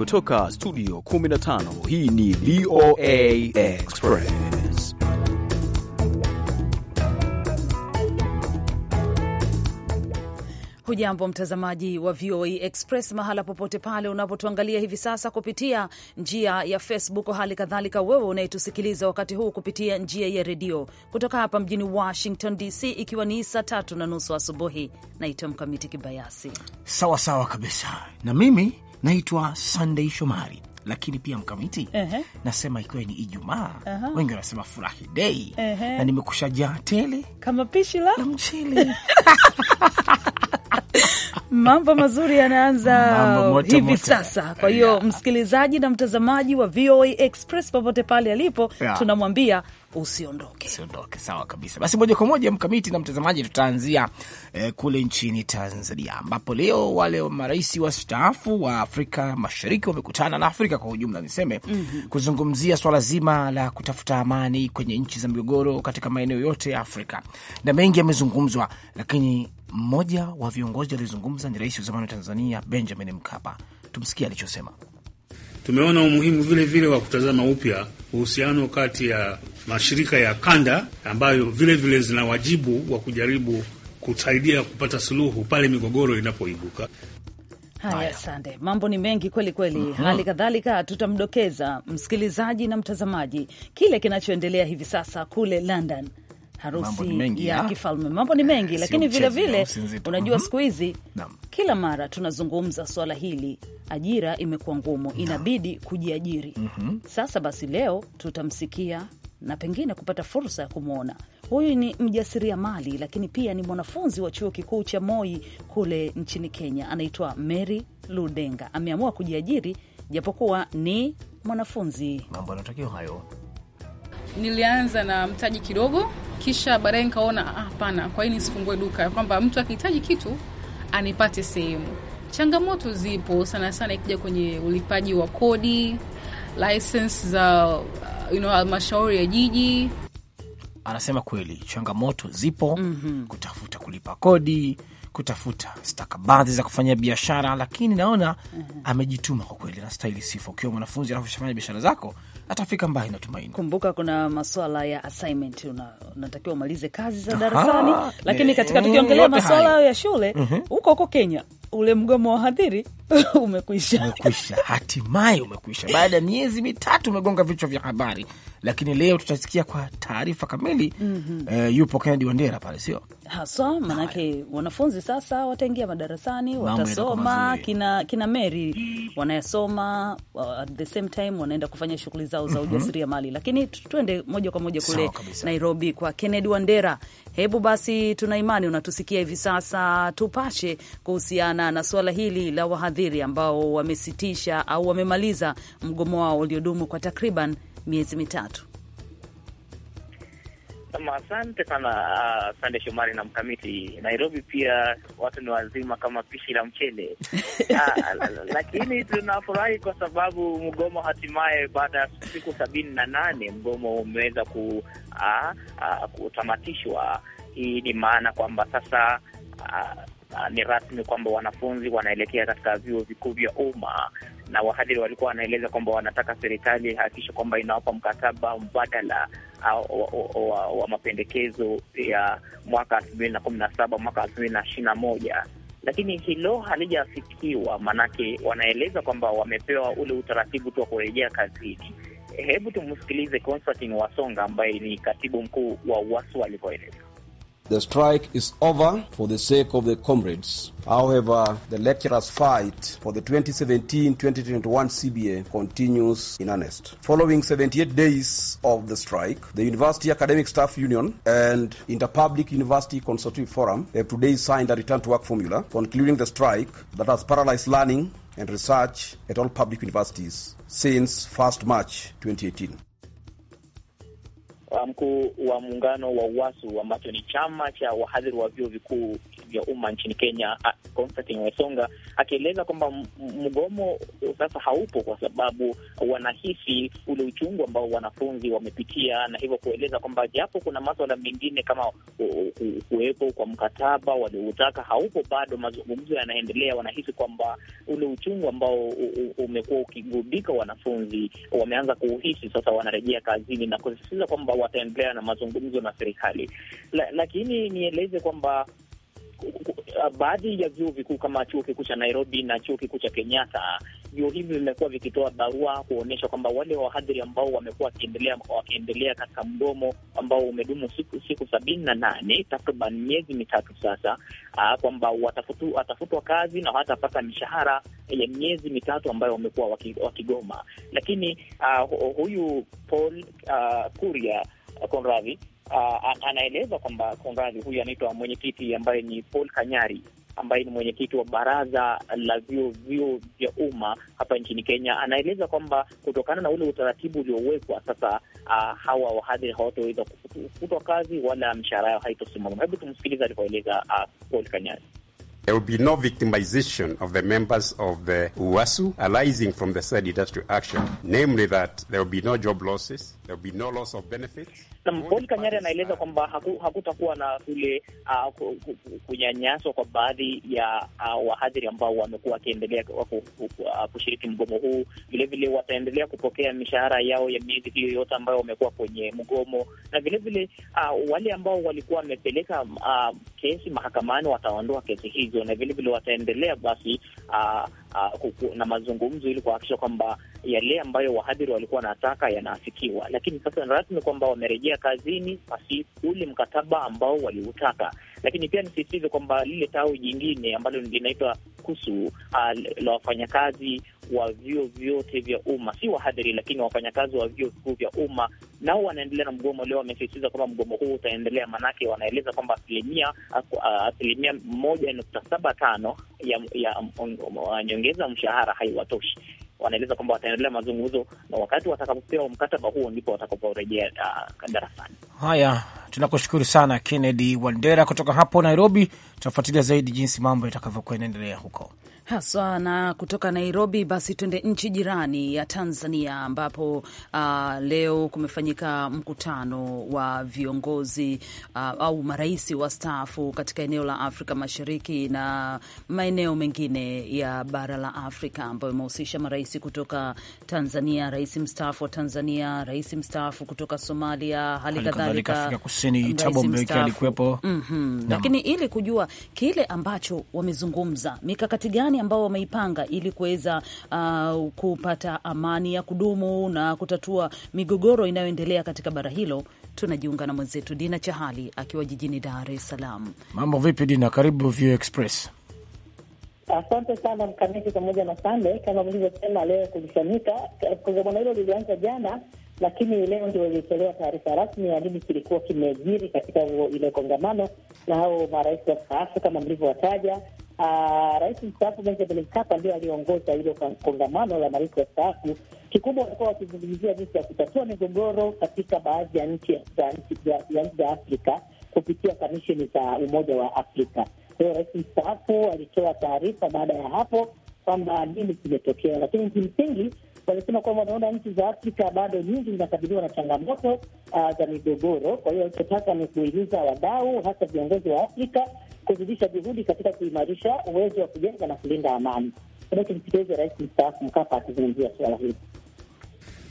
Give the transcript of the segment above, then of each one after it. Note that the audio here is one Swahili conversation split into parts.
Kutoka studio 15 hii ni VOA Express. Hujambo mtazamaji wa VOA Express mahala popote pale unapotuangalia hivi sasa kupitia njia ya Facebook, hali kadhalika wewe unayetusikiliza wakati huu kupitia njia ya redio kutoka hapa mjini Washington DC, ikiwa ni saa tatu na nusu asubuhi. Naitwa Mkamiti Kibayasi. Sawa sawa kabisa na mimi naitwa Sunday Shomari lakini pia mkamiti uh -huh. Nasema ikiwa ni Ijumaa uh -huh. Wengi wanasema furahi dei uh -huh. Na nimekusha jaa tele kama pishi la mchele mambo mazuri yanaanza hivi sasa. Kwa hiyo yeah. Msikilizaji na mtazamaji wa VOA Express popote pale alipo yeah. Tunamwambia usiondoke, usiondoke. Sawa kabisa. Basi moja kwa moja mkamiti na mtazamaji, tutaanzia eh, kule nchini Tanzania ambapo leo wale marais wastaafu wa Afrika Mashariki wamekutana na Afrika kwa ujumla niseme, mm -hmm. kuzungumzia swala zima la kutafuta amani kwenye nchi za migogoro katika maeneo yote ya Afrika na mengi yamezungumzwa, lakini mmoja wa viongozi aliyozungumza ni rais wa zamani wa Tanzania Benjamin Mkapa. Tumsikie alichosema. Tumeona umuhimu vile vile wa kutazama upya uhusiano kati ya mashirika ya kanda ambayo vilevile vile zina wajibu wa kujaribu kusaidia kupata suluhu pale migogoro inapoibuka. Haya, sande. Mambo ni mengi kweli kweli. mm -hmm. Hali kadhalika tutamdokeza msikilizaji na mtazamaji kile kinachoendelea hivi sasa kule London, harusi ya kifalme. Mambo ni mengi, lakini vilevile vile, unajua mhm. siku hizi kila mara tunazungumza swala hili, ajira imekuwa ngumu, inabidi kujiajiri. Mhm. Sasa basi, leo tutamsikia na pengine kupata fursa ya kumwona. Huyu ni mjasiriamali lakini pia ni mwanafunzi wa chuo kikuu cha Moi kule nchini Kenya, anaitwa Mary Ludenga. Ameamua kujiajiri japokuwa ni mwanafunzi. Mambo yanatakiwa hayo. Nilianza na mtaji kidogo, kisha baadaye nikaona ah, hapana, ah, kwa hii nisifungue duka, kwamba mtu akihitaji kitu anipate sehemu. Changamoto zipo sana sana, ikija kwenye ulipaji wa kodi, license za you know, ya jiji. Anasema kweli changamoto zipo, mm -hmm. kutafuta kulipa kodi kutafuta stakabadhi za kufanya biashara, lakini naona mm -hmm. amejituma kwa kweli, anastahili sifa. Ukiwa mwanafunzi alafu shafanya biashara zako, atafika mbali, natumaini. Kumbuka kuna maswala ya assignment, unatakiwa una umalize kazi za darasani, lakini katika eh, tukiongelea maswala ya shule mhm. huko mm huko Kenya ule mgomo wa hadhiri umekwisha, umekwisha hatimaye umekwisha, baada ya miezi mitatu umegonga vichwa vya habari, lakini leo tutasikia kwa taarifa kamili. mm -hmm. E, yupo Kennedy Wandera pale, sio haswa, manake wanafunzi sasa wataingia madarasani, watasoma kina, kina Mary wanayasoma uh, at the same time wanaenda kufanya shughuli zao za mhm. ujasiriamali mm -hmm. Lakini tuende moja kwa moja kule Nairobi kwa Kennedy Wandera. Hebu basi, tuna imani unatusikia hivi sasa, tupashe kuhusiana kuhusiana na suala hili la wahadhiri ambao wamesitisha au wamemaliza mgomo wao uliodumu kwa takriban miezi mitatu. Asante sana uh, Sande Shomari na Mkamiti. Nairobi pia watu ni wazima kama pishi la mchele uh, lakini tunafurahi kwa sababu mgomo hatimaye, baada ya siku sabini na nane mgomo umeweza ku, uh, uh, kutamatishwa. Hii ni maana kwamba sasa uh, uh, ni rasmi kwamba wanafunzi wanaelekea katika vyuo vikuu vya umma, na wahadhiri walikuwa wanaeleza kwamba wanataka serikali hakikisha kwamba inawapa mkataba mbadala uh, wa, wa, wa, wa mapendekezo ya mwaka elfu mbili na kumi na saba mwaka elfu mbili na ishirini na moja lakini hilo halijafikiwa, maanake wanaeleza kwamba wamepewa ule utaratibu tu wa kurejea kazini. Hebu tumsikilize Constantine Wasonga ambaye ni katibu mkuu wa UWASU alivyoeleza. The strike is over for the sake of the comrades. However, the lecturers' fight for the 2017-2021 CBA continues in earnest. Following 78 days of the strike, the University Academic Staff Union and Interpublic University Consultative Forum have today signed a return to work formula concluding the strike that has paralyzed learning and research at all public universities since 1st March 2018. mkuu wa muungano wa UWASU ambacho ni chama cha wahadhiri wa vyuo vikuu vya umma nchini Kenya, Constantine Wasonga akieleza kwamba mgomo sasa haupo kwa sababu wanahisi ule uchungu ambao wanafunzi wamepitia, na hivyo kueleza kwamba japo kuna maswala mengine kama kuwepo kwa mkataba walioutaka haupo bado, mazungumzo yanaendelea. Wanahisi kwamba ule uchungu ambao umekuwa ukigubika wanafunzi wameanza kuuhisi sasa, wanarejea kazini na kusisitiza kwamba wataendelea na mazungumzo na serikali. La, lakini nieleze kwamba baadhi ya vyuo vikuu kama chuo kikuu cha Nairobi na chuo kikuu cha Kenyatta, vyuo hivi vimekuwa vikitoa barua kuonyesha kwamba wale wahadhiri ambao wamekuwa wakiendelea wakiendelea katika mgomo ambao umedumu siku, siku sabini na nane takriban miezi mitatu sasa, ah, kwamba watafutwa kazi na watapata mishahara ya miezi mitatu ambayo wamekuwa wakigoma. Lakini uh, huyu Paul ah, Kuria Konradi uh, anaeleza kwamba konradi huyu anaitwa mwenyekiti ambaye ni Paul Kanyari ambaye ni mwenyekiti wa baraza la vyuo vyuo vya umma hapa nchini Kenya, anaeleza kwamba kutokana na ule utaratibu uliowekwa sasa, uh, hawa wahadhiri hawataweza kufutwa kazi wala mishahara yao haitosimama. Hebu tumsikiliza alivyoeleza uh, Paul Kanyari. There will be no victimization of the members of the UASU arising from the said industrial action, namely that there will be no job losses, there will be no loss of benefits. Paul Kanyari anaeleza kwamba hakutakuwa haku na kule uh, kunyanyaswa kwa baadhi ya uh, wahadhiri ambao wamekuwa wakiendelea ah, kushiriki mgomo huu. Vilevile wataendelea kupokea mishahara yao ya miezi hiyo yote ambayo wamekuwa kwenye mgomo, na vilevile uh, wale ambao walikuwa wamepeleka uh, kesi mahakamani wataondoa kesi hizo mazungumzo na vilevile wataendelea basi uh, uh, na mazungumzo ili kuhakikisha kwamba yale ambayo wahadhiri walikuwa wanataka yanaafikiwa. Lakini sasa rasmi kwamba wamerejea kazini basi ule mkataba ambao waliutaka. Lakini pia nisisitize kwamba lile tawi jingine ambalo linaitwa kusu uh, la wafanyakazi wa vyuo vyote vya umma, si wahadhiri, lakini wafanyakazi wa vyuo vikuu vya umma nao wanaendelea na mgomo leo. Wamesisitiza kwamba mgomo huu utaendelea, maanake wanaeleza kwamba asilimia asilimia moja nukta saba tano ya, ya um, um, nyongeza mshahara haiwatoshi. Wanaeleza kwamba wataendelea mazungumzo na wakati watakapopewa mkataba huo ndipo watakaporejea uh, darasani. Haya, tunakushukuru sana Kennedy Wandera kutoka hapo Nairobi. Tutafuatilia zaidi jinsi mambo yatakavyokuwa inaendelea huko haswa na kutoka Nairobi, basi tuende nchi jirani ya Tanzania ambapo uh, leo kumefanyika mkutano wa viongozi uh, au marais wastaafu katika eneo la Afrika Mashariki na maeneo mengine ya bara la Afrika ambayo imehusisha marais kutoka Tanzania, rais mstaafu wa Tanzania, rais mstaafu kutoka Somalia, hali kadhalika Kusini, Thabo Mbeki alikuwepo. mm -hmm. Lakini ili kujua kile ambacho wamezungumza, mikakati gani ambao wameipanga ili kuweza uh, kupata amani ya kudumu na kutatua migogoro inayoendelea katika bara hilo. Tunajiunga na mwenzetu Dina Chahali akiwa jijini Dar es Salaam. Mambo vipi Dina, karibu View Express. Asante sana Mkamiti pamoja na Sande. Kama mlivyosema, leo kulifanyika kongamano hilo lilianza jana lakini leo ndio ilitolewa taarifa rasmi ya nini kilikuwa kimejiri katika ile kongamano na hao marais wa wastaafu kama mlivyowataja. Uh, ah, Rais mstaafu Benjamin Mkapa ndio aliongoza hilo kongamano la marais wa staafu. Kikubwa walikuwa wakizungumzia jinsi ya kutatua migogoro katika baadhi ya nchi za Afrika kupitia kamisheni za Umoja wa Afrika. Kwa hiyo rais mstaafu alitoa taarifa baada ya hapo kwamba nini kimetokea, lakini kimsingi walisema kwamba wanaona nchi za Afrika bado nyingi zinakabiliwa na changamoto uh, za migogoro. Kwa hiyo alichotaka ni kuhimiza wadau, hasa viongozi wa Afrika kuzidisha juhudi katika kuimarisha uwezo wa kujenga na kulinda amani. Anachosikiteza rais mstaafu Mkapa akizungumzia suala hili,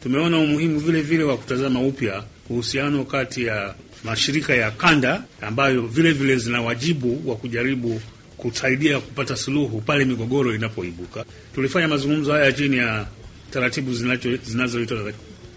tumeona umuhimu vile vile wa kutazama upya uhusiano kati ya mashirika ya kanda ambayo vile vile zina wajibu wa kujaribu kusaidia kupata suluhu pale migogoro inapoibuka. Tulifanya mazungumzo haya chini ya taratibu zinazoitwa za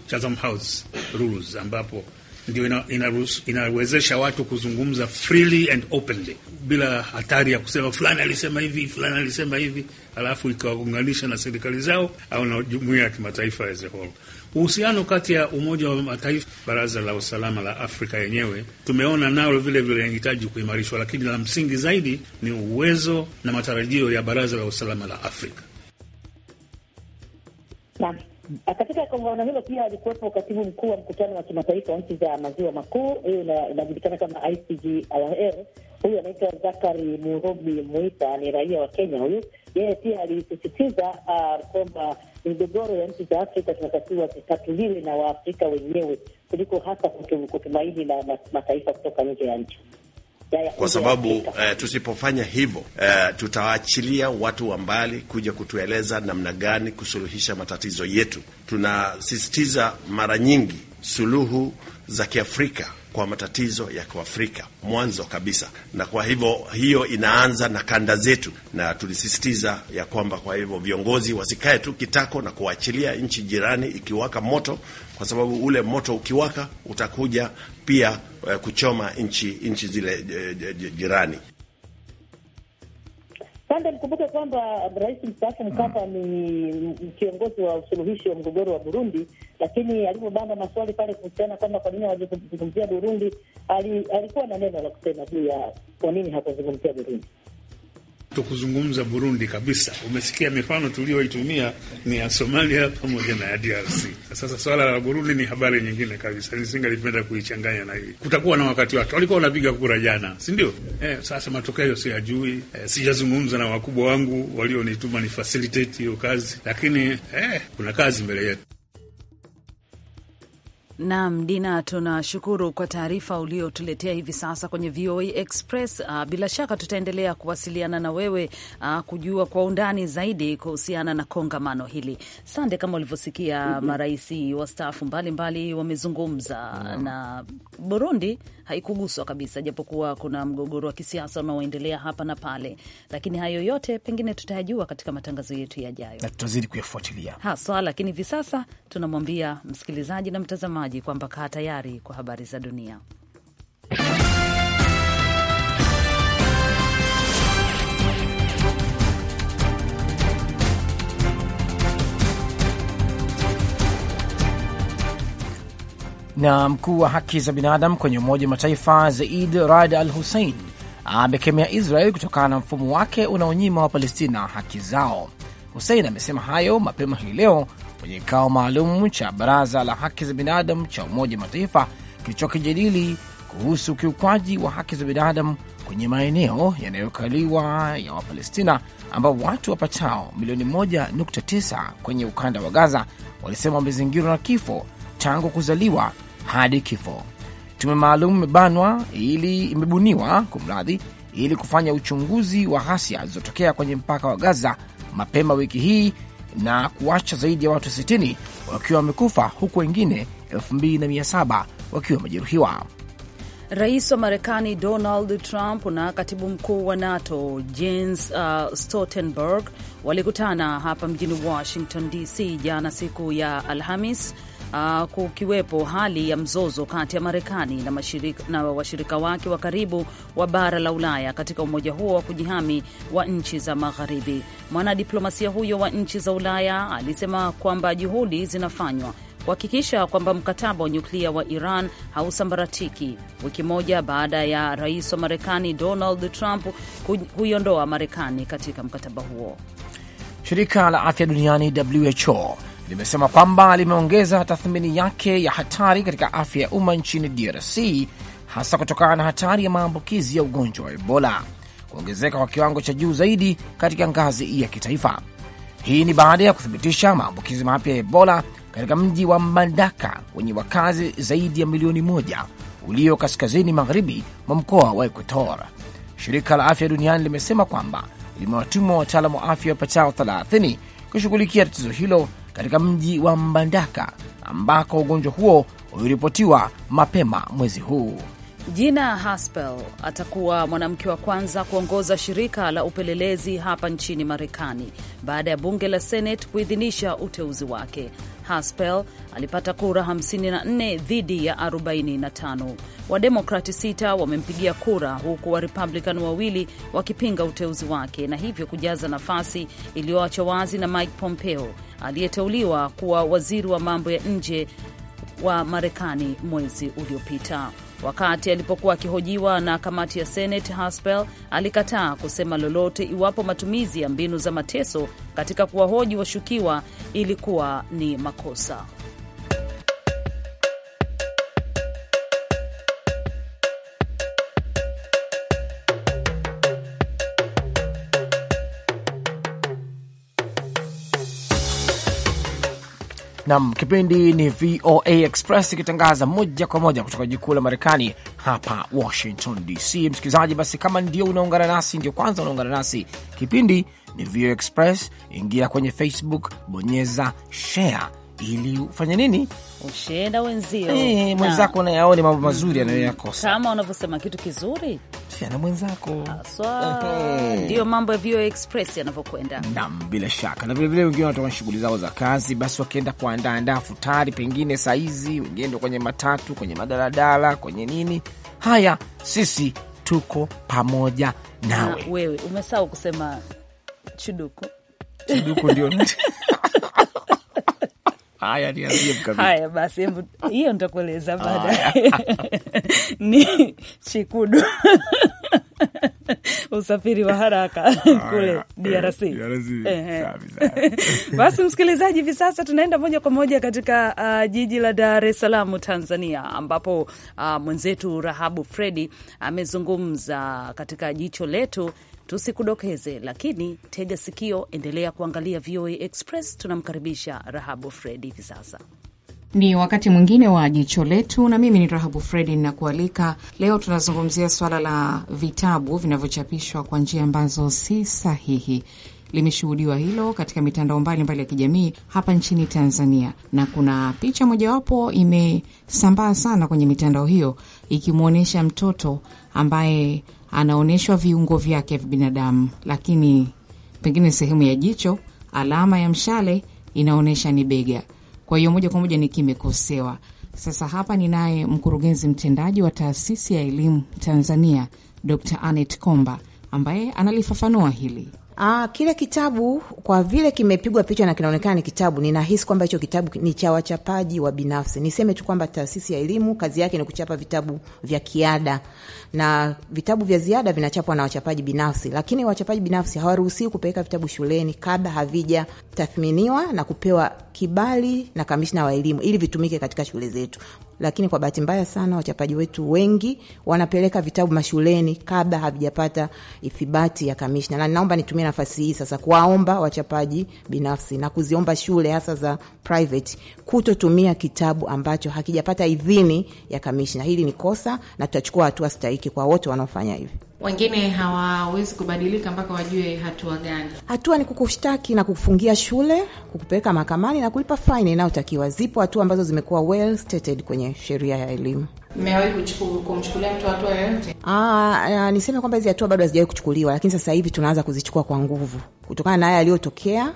Chatham House rules ambapo ndio ina, ina, inawezesha watu kuzungumza freely and openly bila hatari ya kusema fulani alisema hivi, fulani alisema hivi, alafu ikawaunganisha na serikali zao au na jumuia ya kimataifa as a whole. Uhusiano kati ya Umoja wa Mataifa, Baraza la Usalama la Afrika yenyewe tumeona nalo vile vile linahitaji kuimarishwa, lakini la msingi zaidi ni uwezo na matarajio ya Baraza la Usalama la Afrika Naam, katika kongamano hilo pia alikuwepo katibu mkuu wa mkutano wa kimataifa wa nchi za maziwa makuu, hiyo inajulikana kama ICGIR. Huyu anaitwa Zakari Murobi Muita, ni raia wa Kenya. Huyu yeye pia alisisitiza uh, kwamba migogoro ya nchi za Afrika tunatakiwa zitatuliwe na Waafrika wenyewe kuliko hasa kutumaini na mataifa kutoka nje ya nchi kwa sababu eh, tusipofanya hivyo eh, tutawaachilia watu wa mbali kuja kutueleza namna gani kusuluhisha matatizo yetu. Tunasisitiza mara nyingi suluhu za Kiafrika kwa matatizo ya Kiafrika mwanzo kabisa, na kwa hivyo hiyo inaanza na kanda zetu, na tulisisitiza ya kwamba kwa hivyo viongozi wasikae tu kitako na kuachilia nchi jirani ikiwaka moto, kwa sababu ule moto ukiwaka utakuja pia eh, kuchoma nchi nchi zile eh, eh, jirani. Kanda, nikumbuke kwamba rais mstaafu Mkapa ni kiongozi wa usuluhishi wa mgogoro wa Burundi, lakini alipobanda maswali pale kuhusiana kwamba kwa nini hawajazungumzia Burundi, alikuwa na neno la kusema juu ya kwa nini hakuzungumzia Burundi. Tukuzungumza Burundi kabisa, umesikia mifano tuliyoitumia ni ya Somalia pamoja na ya DRC. Sasa swala la Burundi ni habari nyingine kabisa, nisingalipenda kuichanganya na hii. Kutakuwa na wakati wake. Walikuwa wanapiga kura jana, si ndio? Eh, sasa matokeo siyajui, eh, sijazungumza na wakubwa wangu walionituma ni facilitate hiyo kazi, lakini eh, kuna kazi mbele yetu. Naam, Dina, tunashukuru kwa taarifa uliotuletea hivi sasa kwenye VOA Express. Ah, bila shaka tutaendelea kuwasiliana na wewe ah, kujua kwa undani zaidi kuhusiana na kongamano hili. Sande, kama ulivyosikia, mm -hmm. marais wastaafu mbalimbali wamezungumza mm -hmm. na Burundi haikuguswa kabisa, japokuwa kuna mgogoro wa kisiasa unaoendelea hapa na pale, lakini hayo yote pengine tutayajua katika matangazo yetu yajayo na tutazidi kuyafuatilia haswa, lakini hivi sasa tunamwambia msikilizaji na mtazamaji msomaji kwamba kaa tayari kwa habari za dunia. Na mkuu wa haki za binadamu kwenye Umoja wa Mataifa Zaid rad Al Hussein amekemea Israel kutokana na mfumo wake unaonyima Wapalestina haki zao. Hussein amesema hayo mapema hii leo kwenye kikao maalum cha baraza la haki za binadamu cha Umoja Mataifa kilichokijadili kuhusu ukiukwaji wa haki za binadamu kwenye maeneo yanayokaliwa ya Wapalestina ambao watu wapatao milioni 1.9 kwenye ukanda wa Gaza walisema wamezingirwa na kifo tangu kuzaliwa hadi kifo. Tume maalum imebanwa ili imebuniwa kumradhi, ili kufanya uchunguzi wa ghasia zilizotokea kwenye mpaka wa Gaza mapema wiki hii na kuacha zaidi ya watu 60 wakiwa wamekufa huku wengine 2700 wakiwa wamejeruhiwa. Rais wa Marekani Donald Trump na katibu mkuu wa NATO Jens uh, Stoltenberg walikutana hapa mjini Washington DC jana siku ya Alhamis uh, kukiwepo hali ya mzozo kati ya Marekani na, na washirika wake wa karibu wa bara la Ulaya katika umoja huo wa kujihami wa nchi za Magharibi. Mwanadiplomasia huyo wa nchi za Ulaya alisema kwamba juhudi zinafanywa kuhakikisha kwamba mkataba wa nyuklia wa Iran hausambaratiki, wiki moja baada ya rais wa Marekani Donald Trump huiondoa Marekani katika mkataba huo. Shirika la afya duniani WHO limesema kwamba limeongeza tathmini yake ya hatari katika afya ya umma nchini DRC hasa kutokana na hatari ya maambukizi ya ugonjwa wa Ebola kuongezeka kwa kiwango cha juu zaidi katika ngazi ya kitaifa. Hii ni baada ya kuthibitisha maambukizi mapya ya Ebola katika mji wa Mbandaka wenye wakazi zaidi ya milioni moja ulio kaskazini magharibi mwa mkoa wa Ekuator. Shirika la Afya Duniani limesema kwamba limewatuma wataalamu wa afya wapatao 30 kushughulikia tatizo hilo katika mji wa Mbandaka ambako ugonjwa huo uliripotiwa mapema mwezi huu. jina Haspel atakuwa mwanamke wa kwanza kuongoza shirika la upelelezi hapa nchini Marekani baada ya bunge la Senate kuidhinisha uteuzi wake. Haspel alipata kura 54 dhidi ya 45. Wademokrati sita wamempigia kura huku Warepublican wawili wakipinga uteuzi wake na hivyo kujaza nafasi iliyoachwa wazi na Mike Pompeo aliyeteuliwa kuwa waziri wa mambo ya nje wa Marekani mwezi uliopita. Wakati alipokuwa akihojiwa na kamati ya Senate, Haspel alikataa kusema lolote iwapo matumizi ya mbinu za mateso katika kuwahoji washukiwa ilikuwa ni makosa. Nam, kipindi ni VOA Express ikitangaza moja kwa moja kutoka jiji kuu la Marekani hapa Washington DC. Msikilizaji, basi kama ndio unaungana nasi, ndio kwanza unaungana nasi, kipindi ni VOA Express. Ingia kwenye Facebook, bonyeza share ili ufanye nini? Ushenda wenzio, eh, mwenzako unayaoni mambo mazuri anayoyakosa, kama unavyosema kitu kizuri na mwenzako. Eh. Ndiyo mambo ya VOA Express yanavyokwenda. Naam, bila shaka. Na vilevile wengine wanatoka shughuli zao za kazi, basi wakienda kuandaandaa futari, pengine saizi wengine ndo kwenye matatu, kwenye madaladala, kwenye nini. Haya, sisi tuko pamoja nawe. Na ah, wewe umesahau kusema chuduku, chuduku ndio Haya, niambie mkamiti. Haya basi, hebu hiyo nitakueleza baadaye. ni chikudu usafiri wa haraka kule eh, DRC. Eh, eh. Basi msikilizaji, hivi sasa tunaenda moja kwa moja katika uh, jiji la Dar es Salaam, Tanzania, ambapo uh, mwenzetu Rahabu Fredi amezungumza katika jicho letu tusikudokeze, lakini tega sikio, endelea kuangalia VOA Express. Tunamkaribisha Rahabu Fredi hivi sasa. Ni wakati mwingine wa jicho letu, na mimi ni Rahabu Fredi ninakualika. Leo tunazungumzia swala la vitabu vinavyochapishwa kwa njia ambazo si sahihi. Limeshuhudiwa hilo katika mitandao mbalimbali ya kijamii hapa nchini Tanzania, na kuna picha mojawapo imesambaa sana kwenye mitandao hiyo ikimwonyesha mtoto ambaye anaonyeshwa viungo vyake vya binadamu, lakini pengine sehemu ya jicho, alama ya mshale inaonyesha ni bega. Kwa hiyo moja kwa moja ni kimekosewa. Sasa hapa ninaye mkurugenzi mtendaji wa taasisi ya elimu Tanzania, Dr Anet Komba, ambaye analifafanua hili. Aa, ah, kile kitabu kwa vile kimepigwa picha na kinaonekana ni kitabu, ninahisi kwamba hicho kitabu ni cha wachapaji wa binafsi. Niseme tu kwamba taasisi ya elimu kazi yake ni kuchapa vitabu vya kiada, na vitabu vya ziada vinachapwa na wachapaji binafsi, lakini wachapaji binafsi hawaruhusiwi kupeleka vitabu shuleni kabla havijatathminiwa na kupewa kibali na kamishna wa elimu ili vitumike katika shule zetu. Lakini kwa bahati mbaya sana wachapaji wetu wengi wanapeleka vitabu mashuleni kabla havijapata ithibati ya kamishna, na ninaomba nitumie nafasi hii sasa kuwaomba wachapaji binafsi na kuziomba shule hasa za private kutotumia kitabu ambacho hakijapata idhini ya kamishna. Hili ni kosa na tutachukua hatua stahiki haki kwa wote wanaofanya hivi. Wengine hawawezi kubadilika mpaka wajue hatua gani. Hatua ni kukushtaki na kukufungia shule, kukupeleka mahakamani na kulipa faini inayotakiwa. Zipo hatua ambazo zimekuwa well stated kwenye sheria ya elimu. Mmewahi kumchukulia mtu hatua yoyote? Ah, ah, niseme kwamba hizi hatua bado hazijawahi kuchukuliwa, lakini sasa hivi tunaanza kuzichukua kwa nguvu kutokana na haya yaliyotokea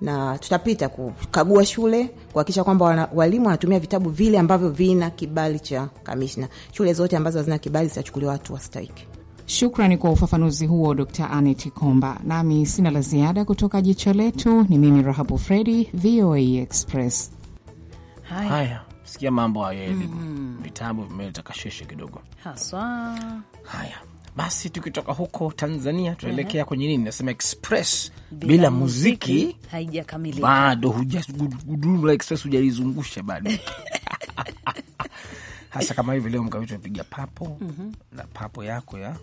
na tutapita kukagua shule kuhakikisha kwamba walimu wanatumia vitabu vile ambavyo vina kibali cha kamishna. Shule zote ambazo hazina kibali zitachukuliwa watu wastahiki. Shukrani kwa ufafanuzi huo Dr. Anet Komba. Nami sina la ziada kutoka jicho letu. Ni mimi Rahabu Fredi, VOA Express. Haya, haya. Sikia mambo hayo mm-hmm. elimu, mm -hmm. vimeleta kasheshe kidogo haswa. Haya. Basi tukitoka huko Tanzania tunaelekea uh -huh. kwenye nini, nasema express bila, bila muziki haijakamilika bado, hujagudumu la express hujalizungusha bado hasa kama hivi leo mkawitu apiga papo mm -hmm. na papo yako ya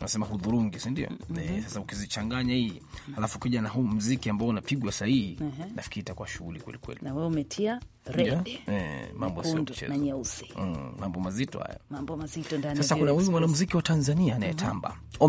nasema hudhurungi, si ndio? mm -hmm. Sasa ukizichanganya hii alafu ukija na huu mziki ambao unapigwa sahihi, mm -hmm. nafikiri itakuwa shughuli kwelikweli, na wewe umetia red, eh, mambo sio mchezo na nyeusi, mm, mambo mazito haya, mambo mazito ndani. Sasa kuna huyu mwanamuziki wa Tanzania anayetamba, mm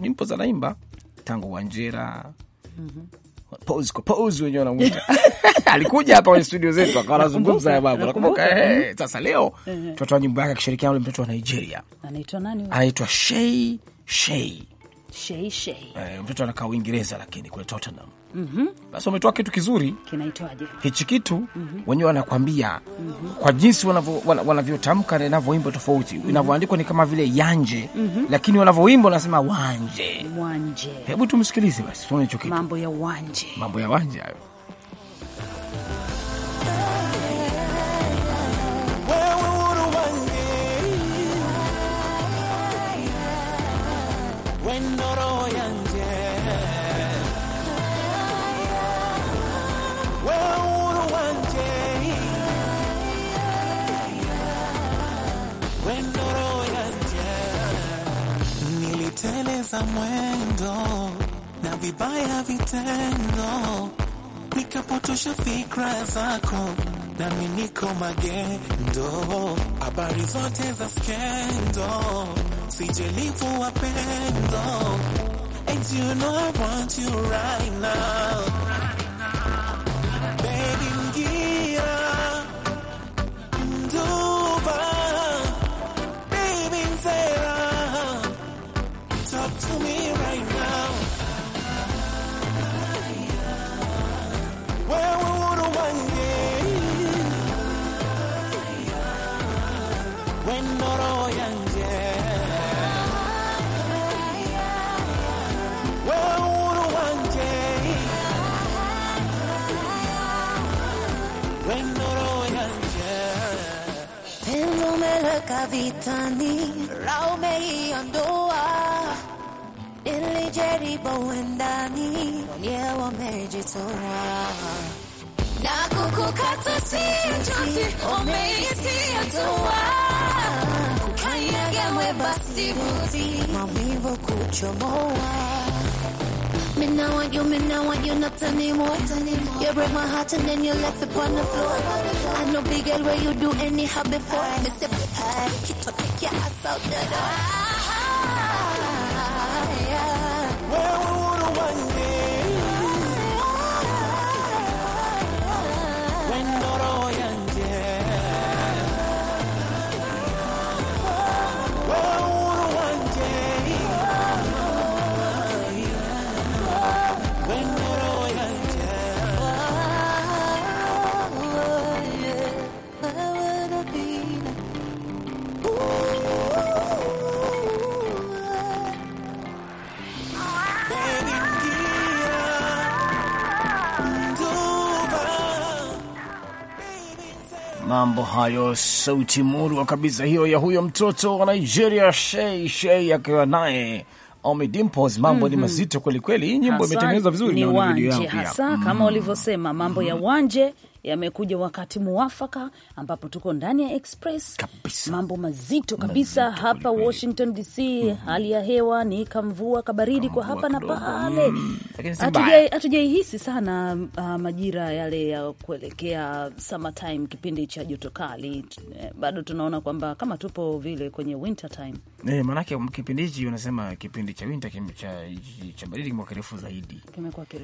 -hmm. anaimba tango wanjera mm -hmm pose kwa pose wenyewe wanamuita alikuja hapa kwenye studio zetu akawa anazungumza haya mambo, nakumbuka. Eh, eh, sasa leo tunatoa eh, eh. nyimbo yake akishirikiana ule mtoto wa Nigeria anaitwa nani? Anaitwa Shei Shei Shei Shei. Eh, mtoto anakaa Uingereza lakini kule Tottenham. Mhm. Mm basi wametoa kitu kizuri. Kinaitwaje? Hichi kitu mm -hmm. wenyewe wanakwambia mm -hmm. kwa jinsi wanavyotamka na inavyoimba tofauti. Mm -hmm. Inavyoandikwa ni kama vile yanje mm -hmm. lakini wanavyoimba wanasema wanje. Wanje. Hebu tumsikilize basi tuone hicho kitu. Mambo ya wanje. Mambo ya wanje hayo. roho ya nje, wewe mwendo na vibaya vitendo, nikapotosha fikra zako, nami niko magendo, habari zote za skendo a wapendo, and you know I want you right now vitani raumeiondoa nilijaribu wendani mwenyewe wamejitoa na kukukata si njozi umeitia toa kukanyagawe basi vuti maumivu kuchomoa me now want you, me now want you not anymore. You break my heart and then you left upon the floor. I know big girl where you do anyhow before. Me step high, keep up, take your ass out the door. Ah, yeah. Mambo hayo, sauti murwa kabisa hiyo ya huyo mtoto wa Nigeria Shei Shei akiwa naye Omi Dimples. Mambo mm -hmm. ni mhm. mazito kwelikweli, hii nyimbo imetengenezwa vizuri na wanje hasa mm -hmm. kama ulivyosema mambo ya mhm. wanje yamekuja wakati muwafaka, ambapo tuko ndani ya Express kabisa. Mambo mazito kabisa mazito hapa lipe. Washington DC mm -hmm. Hali ya hewa ni kamvua kabaridi kwa hapa na pale, mm. hatujaihisi mm. sana uh, majira yale ya kuelekea summertime, kipindi cha joto kali eh, bado tunaona kwamba kama tupo vile kwenye winter time eh, maanake um, kipindi hichi unasema kipindi cha winter cha, cha baridi kimekuwa kirefu zaidi,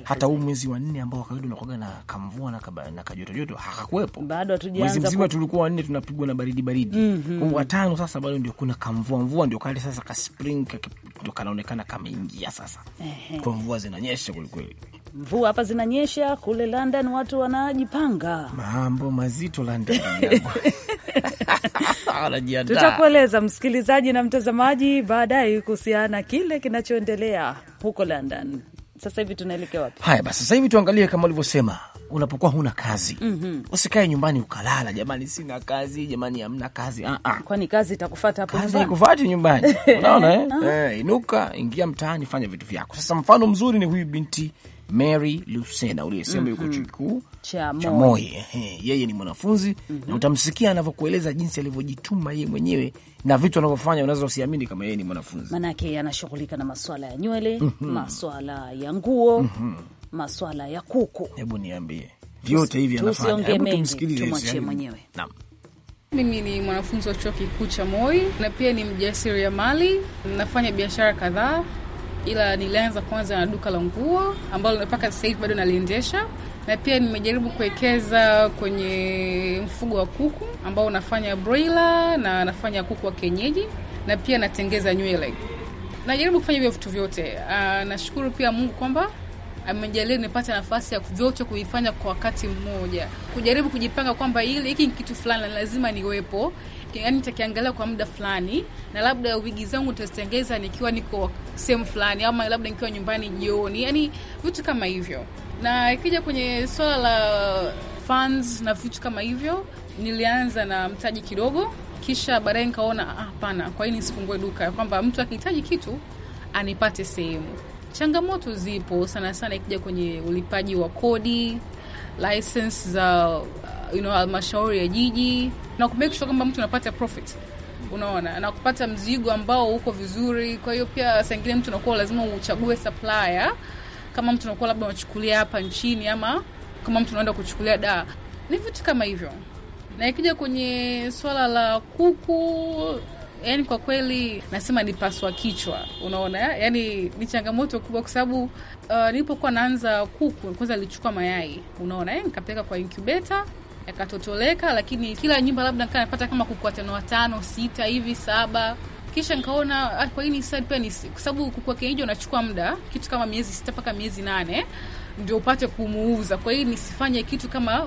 hata huu mwezi wa nne ambao kawaida unakuwaga na kamvua na kajoto joto joto bado hatujaanza mwezi mzima, tulikuwa wanne tunapigwa na baridi baridi mm -hmm. watano sasa bado ndio kuna kamvua mvua, ndio kale sasa ka spring ndio kanaonekana kameingia sasa eh, kwa mvua zinanyesha kwelikweli, mvua hapa zinanyesha, kule London watu wanajipanga, mambo mazito London tutakueleza msikilizaji na mtazamaji baadaye kuhusiana kile kinachoendelea huko London. Sasa hivi tunaelekea wapi? Haya basi, sasa hivi tuangalie kama ulivyosema unapokuwa huna kazi mm -hmm. Usikae nyumbani ukalala, jamani, sina kazi, jamani, hamna kazi ah -ah. Kwani kazi itakufata hapo, kazi ikufati nyumbani unaona eh? Ah. Eh, inuka, ingia mtaani, fanya vitu vyako. Sasa mfano mzuri ni huyu binti Mary Lucena uliyesema mm -hmm. yuko mhm. chuo kikuu cha Moi, yeye ni mwanafunzi mm -hmm. na utamsikia anavyokueleza jinsi alivyojituma yeye mwenyewe na vitu anavyofanya, unaweza usiamini kama yeye ni mwanafunzi, maanake anashughulika na maswala ya nywele mm -hmm. maswala ya nguo mm -hmm maswala ya kuku. Hebu niambie vyote hivi anafanya, hebu tumwachie mwenyewe. Naam. Mimi ni mwanafunzi wa chuo kikuu cha Moi na pia ni mjasiriamali. Nafanya biashara kadhaa, ila nilianza kwanza na duka la nguo ambalo mpaka sasa hivi bado naliendesha, na pia nimejaribu kuwekeza kwenye mfugo wa kuku ambao unafanya broiler na nafanya kuku wa kienyeji, na pia natengeza nywele. Najaribu kufanya hivyo vitu vyote. Ah, nashukuru pia Mungu kwamba amejalia nipate nafasi ya vyote kuifanya kwa wakati mmoja, kujaribu kujipanga kwamba ili hiki kitu fulani lazima niwepo, yani nitakiangalia kwa muda fulani, na labda wigi zangu nitazitengeza nikiwa niko sehemu fulani, ama labda nikiwa nyumbani jioni, yani vitu kama hivyo. Na ikija kwenye swala la fans na vitu kama hivyo, nilianza na mtaji kidogo, kisha baadaye nikaona ah, hapana, ah, kwa nini nisifungue duka, kwamba mtu akihitaji kitu anipate sehemu Changamoto zipo sana sana, ikija kwenye ulipaji wa kodi, license za uh, you know, halmashauri ya jiji na kumake sure kwamba mtu anapata profit unaona na kupata mzigo ambao uko vizuri. Kwa hiyo pia saa ingine mtu unakuwa lazima uchague supplier, kama mtu unakuwa labda unachukulia hapa nchini ama kama mtu unaenda kuchukulia da, ni vitu kama hivyo. Na ikija kwenye swala la kuku yani kwa kweli nasema ni paswa kichwa, unaona, yani ni changamoto kubwa, kwa sababu uh, nilipokuwa naanza kuku kwanza alichukua mayai, unaona, eh, nikapeleka kwa incubator yakatotoleka, lakini kila nyumba labda nikaa napata kama kuku watano watano sita hivi saba kisha nikaona ah, kwa hii sad pia ni kwa sababu kuku wa kienyeji unachukua muda kitu kama miezi sita mpaka miezi nane ndio upate kumuuza. Kwa hii nisifanye kitu kama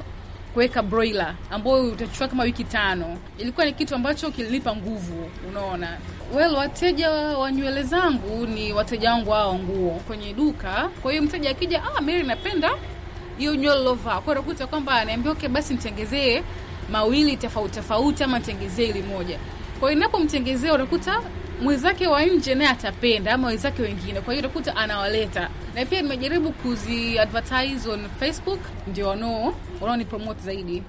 kuweka broiler ambayo utachukua kama wiki tano. Ilikuwa ni kitu ambacho kilinipa nguvu, unaona. Well, wateja wa nywele zangu ni wateja wangu hao nguo kwenye duka. Kwa hiyo mteja akija, ah, Mary napenda hiyo nywele lovaa, kwa nakuta kwamba anaambia okay, basi nitengezee mawili tofauti tofauti ama nitengezee ili moja. Kwa hiyo inapomtengezea unakuta mwenzake wa nje naye atapenda ama wenzake wengine, kwa hiyo utakuta anawaleta. Na pia nimejaribu kuzi advertise on Facebook, ndio wanao promote zaidi.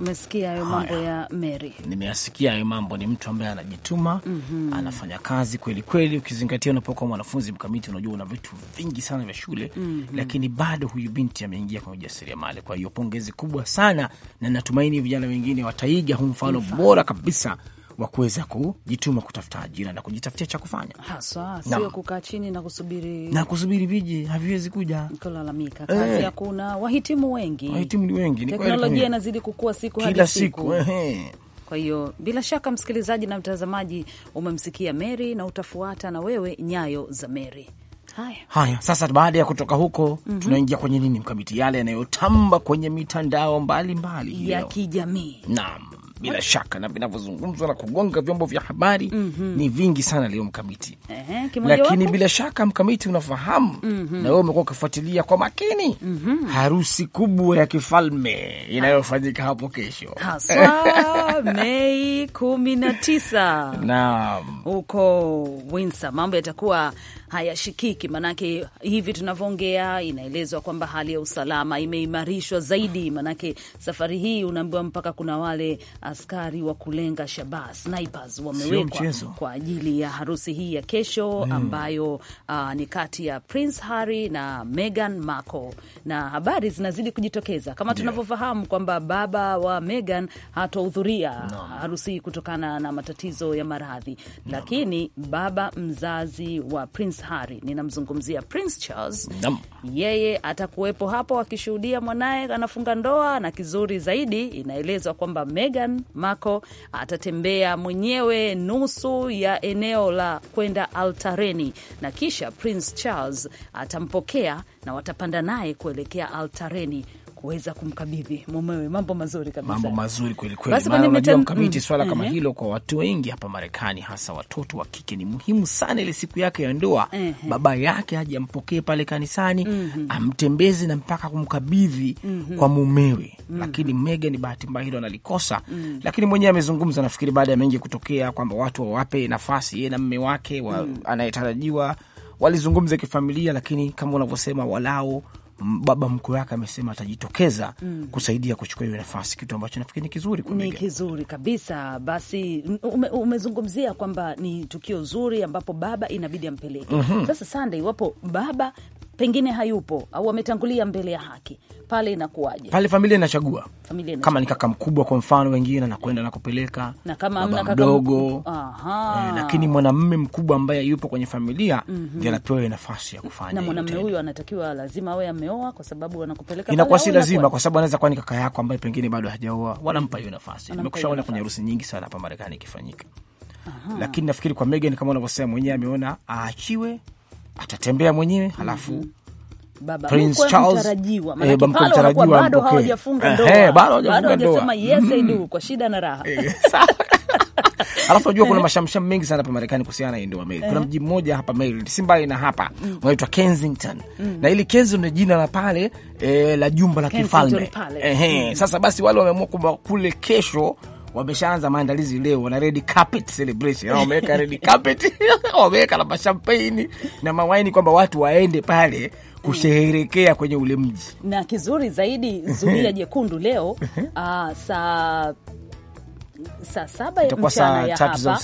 Umesikia hayo mambo ya Mary? Nimeyasikia hayo mambo. Ni mtu ambaye anajituma, mm -hmm. anafanya kazi kweli kweli, ukizingatia unapokuwa mwanafunzi mkamiti, unajua una vitu vingi sana vya shule mm -hmm. lakini bado huyu binti ameingia kwenye ujasiriamali. Kwa hiyo pongezi kubwa sana, na natumaini vijana wengine wataiga huu mfano bora kabisa wa kuweza kujituma kutafuta ajira na kujitafutia cha kufanya haswa, sio kukaa chini na kusubiri na kusubiri viji haviwezi kuja kulalamika. Kazi eh. hakuna, wahitimu wengi, wahitimu ni wengi, teknolojia inazidi kukua siku hadi siku. Kwa hiyo bila shaka, msikilizaji na mtazamaji, umemsikia Mary na utafuata na wewe nyayo za Mary. Haya, sasa, baada ya kutoka huko mm -hmm. tunaingia kwenye nini mkamiti, yale yanayotamba kwenye mitandao mbalimbali mbali ya kijamii. Naam bila shaka na vinavyozungumzwa na kugonga vyombo vya habari mm -hmm. ni vingi sana leo mkamiti eh, lakini wapu? bila shaka mkamiti unafahamu mm -hmm. na wewe umekuwa ukifuatilia kwa makini mm -hmm. harusi kubwa ya kifalme inayofanyika hapo kesho haswa Mei kumi na tisa naam, huko Windsor mambo yatakuwa hayashikiki manake, hivi tunavyoongea, inaelezwa kwamba hali ya usalama imeimarishwa zaidi, manake safari hii unaambiwa mpaka kuna wale uh, askari wa kulenga shabaha snipers wamewekwa kwa ajili ya harusi hii ya kesho mm, ambayo uh, ni kati ya Prince Harry na Meghan Markle, na habari zinazidi kujitokeza kama tunavyofahamu kwamba baba wa Meghan hatohudhuria no, harusi hii kutokana na matatizo ya maradhi no, lakini baba mzazi wa Prince Harry, ninamzungumzia Prince Charles no, yeye atakuwepo hapo akishuhudia mwanaye anafunga ndoa, na kizuri zaidi inaelezwa kwamba Meghan John Marco atatembea mwenyewe nusu ya eneo la kwenda altareni, na kisha Prince Charles atampokea na watapanda naye kuelekea altareni kuweza kumkabidhi mumewe. Mambo mazuri kabisa, mambo mazuri kweli kweli. unajua mkamiti swala mm, kama eh. hilo kwa watu wengi hapa Marekani, hasa watoto wa kike, ni muhimu sana. Ile siku yake ya ndoa, eh, eh. baba yake aje ampokee pale kanisani, mhm. amtembeze na mpaka kumkabidhi mhm. kwa mumewe, mhm. lakini Megan bahati mbaya hilo analikosa. Mm. Lakini mwenyewe amezungumza, nafikiri baada ya mengi kutokea, kwamba watu wawape nafasi yeye na mume wake mm. anayetarajiwa walizungumza kifamilia, lakini kama unavyosema, walao baba mkwe wake amesema atajitokeza mm. kusaidia kuchukua hiyo nafasi, kitu ambacho nafikiri ni kizuri. Ni kizuri kabisa. Basi ume, umezungumzia kwamba ni tukio zuri ambapo baba inabidi ampeleke mm -hmm. Sasa Sunday, iwapo baba pengine hayupo au ametangulia mbele ya haki, pale inakuwaje? Pale familia inachagua, familia inachagua. Kama ni kaka mkubwa kwa mfano, wengine anakwenda na kupeleka, na kama amna kaka mdogo E, lakini mwanamume mkubwa ambaye yupo kwenye familia mm -hmm. ndiye anapewa nafasi ya kufanya, na mwanamume huyu anatakiwa lazima awe ameoa, kwa sababu anakupeleka, inakuwa si lazima, kwa sababu anaweza kuwa ni kaka yako ambaye pengine bado hajaoa, wanampa hiyo nafasi. Nimekushaona kwenye harusi nyingi sana hapa Marekani ikifanyika, lakini nafikiri kwa Megan, kama unavyosema mwenyewe, ameona aachiwe atatembea mwenyewe halafu Baba, Prince Charles eh, bado hawajafunga ndoa, bado hawajasema yes I mm-hmm. do kwa shida na raha. Eh, Alafu unajua kuna eh. mashamsham mengi sana hapa Marekani kuhusiana na ndoa Mary. Kuna mji mmoja hapa Mary, si mbali na hapa, mm. unaitwa Kensington. Mm. Na ili Kensington ni jina la pale la jumba la kifalme. Ehe, mm. sasa basi wale wameamua kwamba kule kesho wameshaanza maandalizi leo, wana red carpet celebration, wameweka red carpet, wameweka na mashampaini na mawaini kwamba watu waende pale kusheherekea kwenye ule mji, na kizuri zaidi zulia jekundu leo uh, saa saa saba mchana ya hapa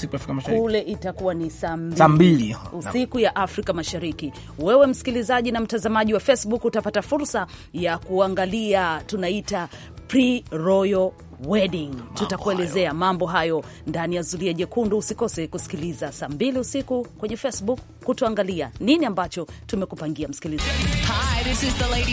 kule itakuwa ni saa mbili oh, usiku ya Afrika Mashariki. Wewe msikilizaji na mtazamaji wa Facebook utapata fursa ya kuangalia tunaita pre-royal Wedding. Tutakuelezea mambo hayo ndani ya Zulia Jekundu. Usikose kusikiliza saa mbili usiku kwenye Facebook kutuangalia nini ambacho tumekupangia msikilizaji.